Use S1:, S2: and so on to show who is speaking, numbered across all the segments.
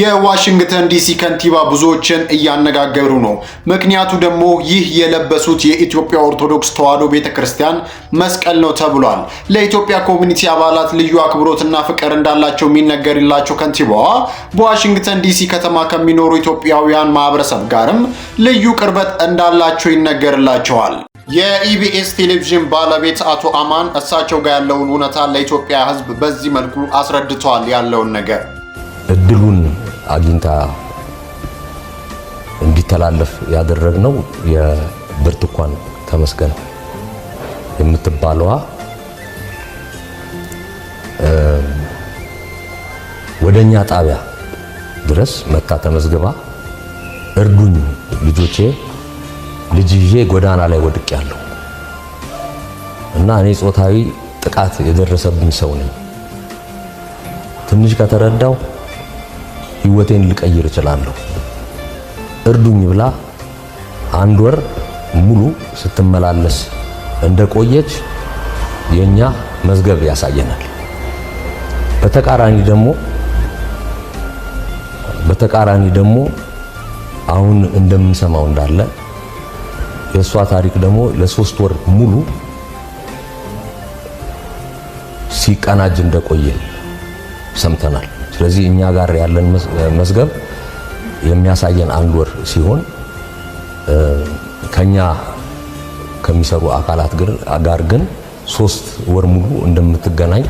S1: የዋሽንግተን ዲሲ ከንቲባ ብዙዎችን እያነጋገሩ ነው። ምክንያቱ ደግሞ ይህ የለበሱት የኢትዮጵያ ኦርቶዶክስ ተዋሕዶ ቤተ ክርስቲያን መስቀል ነው ተብሏል። ለኢትዮጵያ ኮሚኒቲ አባላት ልዩ አክብሮትና ፍቅር እንዳላቸው የሚነገርላቸው ከንቲባዋ በዋሽንግተን ዲሲ ከተማ ከሚኖሩ ኢትዮጵያውያን ማህበረሰብ ጋርም ልዩ ቅርበት እንዳላቸው ይነገርላቸዋል። የኢቢኤስ ቴሌቪዥን ባለቤት አቶ አማን እሳቸው ጋር ያለውን እውነታ ለኢትዮጵያ ሕዝብ በዚህ መልኩ አስረድተዋል። ያለውን ነገር
S2: እድሉን አግኝታ እንዲተላለፍ ያደረግነው የብርቱካን ተመስገን የምትባለዋ ወደኛ ጣቢያ ድረስ መታ ተመዝግባ እርዱኝ ልጆቼ ልጅ ይዤ ጎዳና ላይ ወድቅ ያለው እና እኔ ጾታዊ ጥቃት የደረሰብኝ ሰው ነኝ። ትንሽ ከተረዳው ህይወቴን ልቀይር እችላለሁ እርዱኝ ብላ አንድ ወር ሙሉ ስትመላለስ እንደቆየች የኛ መዝገብ ያሳየናል። በተቃራኒ ደግሞ በተቃራኒ ደግሞ አሁን እንደምንሰማው እንዳለ የእሷ ታሪክ ደግሞ ለሶስት ወር ሙሉ ሲቀናጅ እንደቆየ ሰምተናል። ስለዚህ እኛ ጋር ያለን መዝገብ የሚያሳየን አንድ ወር ሲሆን ከኛ ከሚሰሩ አካላት ጋር ግን ሶስት ወር ሙሉ እንደምትገናኝ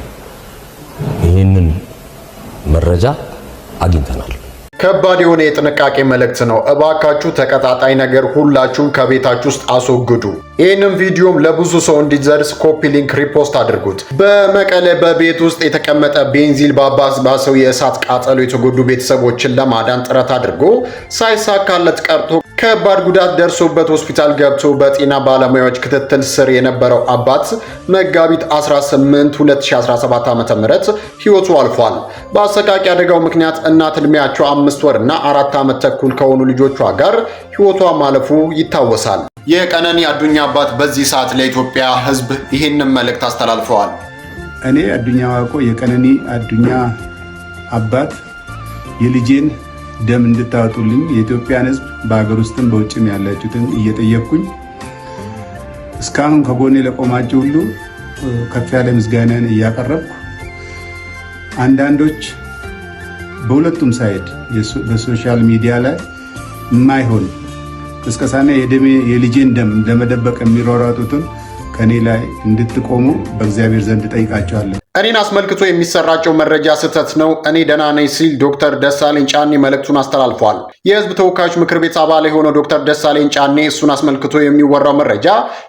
S2: ይህንን መረጃ አግኝተናል።
S1: ከባድ የሆነ የጥንቃቄ መልእክት ነው። እባካችሁ ተቀጣጣይ ነገር ሁላችሁም ከቤታችሁ ውስጥ አስወግዱ። ይህንም ቪዲዮም ለብዙ ሰው እንዲደርስ ኮፒ ሊንክ ሪፖስት አድርጉት። በመቀለ በቤት ውስጥ የተቀመጠ ቤንዚን ባባሰው የእሳት ቃጠሎ የተጎዱ ቤተሰቦችን ለማዳን ጥረት አድርጎ ሳይሳካለት ቀርቶ ከባድ ጉዳት ደርሶበት ሆስፒታል ገብቶ በጤና ባለሙያዎች ክትትል ስር የነበረው አባት መጋቢት 18 2017 ዓ.ም ህይወቱ አልፏል። በአሰቃቂ አደጋው ምክንያት እናት ዕድሜያቸው አምስት ወር እና አራት ዓመት ተኩል ከሆኑ ልጆቿ ጋር ሕይወቷ ማለፉ ይታወሳል። የቀነኒ አዱኛ አባት በዚህ ሰዓት ለኢትዮጵያ ሕዝብ ይህንን መልእክት አስተላልፈዋል።
S3: እኔ አዱኛ ዋቆ የቀነኒ አዱኛ አባት የልጄን ደም እንድታወጡልኝ የኢትዮጵያን ሕዝብ በሀገር ውስጥም በውጭም ያላችሁትን እየጠየቅኩኝ እስካሁን ከጎኔ ለቆማችሁ ሁሉ ከፍ ያለ ምስጋናን እያቀረብኩ አንዳንዶች በሁለቱም ሳይድ በሶሻል ሚዲያ ላይ የማይሆን ቅስቀሳና የደሜ የልጄን ደም ለመደበቅ የሚሯሯጡትን ከእኔ ላይ እንድትቆሙ በእግዚአብሔር ዘንድ ጠይቃቸዋለሁ።
S1: እኔን አስመልክቶ የሚሰራጨው መረጃ ስህተት ነው፣ እኔ ደህና ነኝ ሲል ዶክተር ደሳለኝ ጫኔ መልእክቱን አስተላልፏል። የህዝብ ተወካዮች ምክር ቤት አባል የሆነው ዶክተር ደሳለኝ ጫኔ እሱን አስመልክቶ የሚወራው መረጃ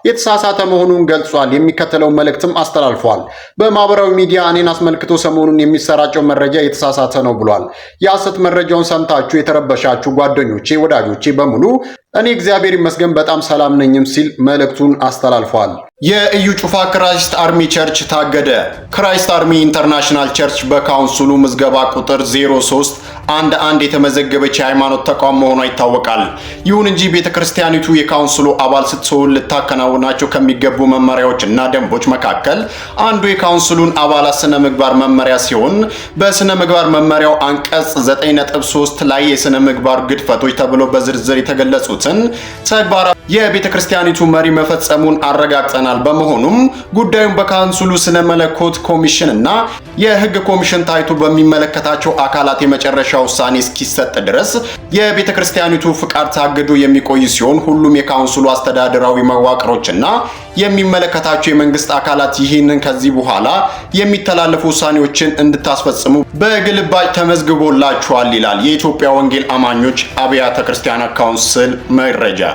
S1: የተሳሳተ መሆኑን ገልጿል። የሚከተለው መልእክትም አስተላልፏል። በማህበራዊ ሚዲያ እኔን አስመልክቶ ሰሞኑን የሚሰራጨው መረጃ የተሳሳተ ነው ብሏል። የሐሰት መረጃውን ሰምታችሁ የተረበሻችሁ ጓደኞቼ፣ ወዳጆቼ በሙሉ እኔ እግዚአብሔር ይመስገን በጣም ሰላም ነኝም ሲል መልእክቱን አስተላልፏል። የኢዩ ጩፋ ክራይስት አርሚ ቸርች ታገደ። ክራይስት አርሚ ኢንተርናሽናል ቸርች በካውንስሉ ምዝገባ ቁጥር 03 አንድ አንድ የተመዘገበች የሃይማኖት ተቋም መሆኗ ይታወቃል። ይሁን እንጂ ቤተ ክርስቲያኒቱ የካውንስሉ አባል ስትሆን ልታከናውናቸው ከሚገቡ መመሪያዎች እና ደንቦች መካከል አንዱ የካውንስሉን አባላት ስነ ምግባር መመሪያ ሲሆን በስነ ምግባር መመሪያው አንቀጽ 9.3 ላይ የስነ ምግባር ግድፈቶች ተብሎ በዝርዝር የተገለጹትን ተግባራ የቤተ ክርስቲያኒቱ መሪ መፈጸሙን አረጋግጠናል። በመሆኑም ጉዳዩን በካውንስሉ ስነ መለኮት ኮሚሽን እና የህግ ኮሚሽን ታይቶ በሚመለከታቸው አካላት የመጨረሻ ውሳኔ እስኪሰጥ ድረስ የቤተ ክርስቲያኒቱ ፍቃድ ታግዶ የሚቆይ ሲሆን ሁሉም የካውንስሉ አስተዳደራዊ መዋቅሮችና የሚመለከታቸው የመንግስት አካላት ይህንን ከዚህ በኋላ የሚተላለፉ ውሳኔዎችን እንድታስፈጽሙ በግልባጭ ተመዝግቦላችኋል ይላል የኢትዮጵያ ወንጌል አማኞች አብያተ ክርስቲያናት ካውንስል መረጃ።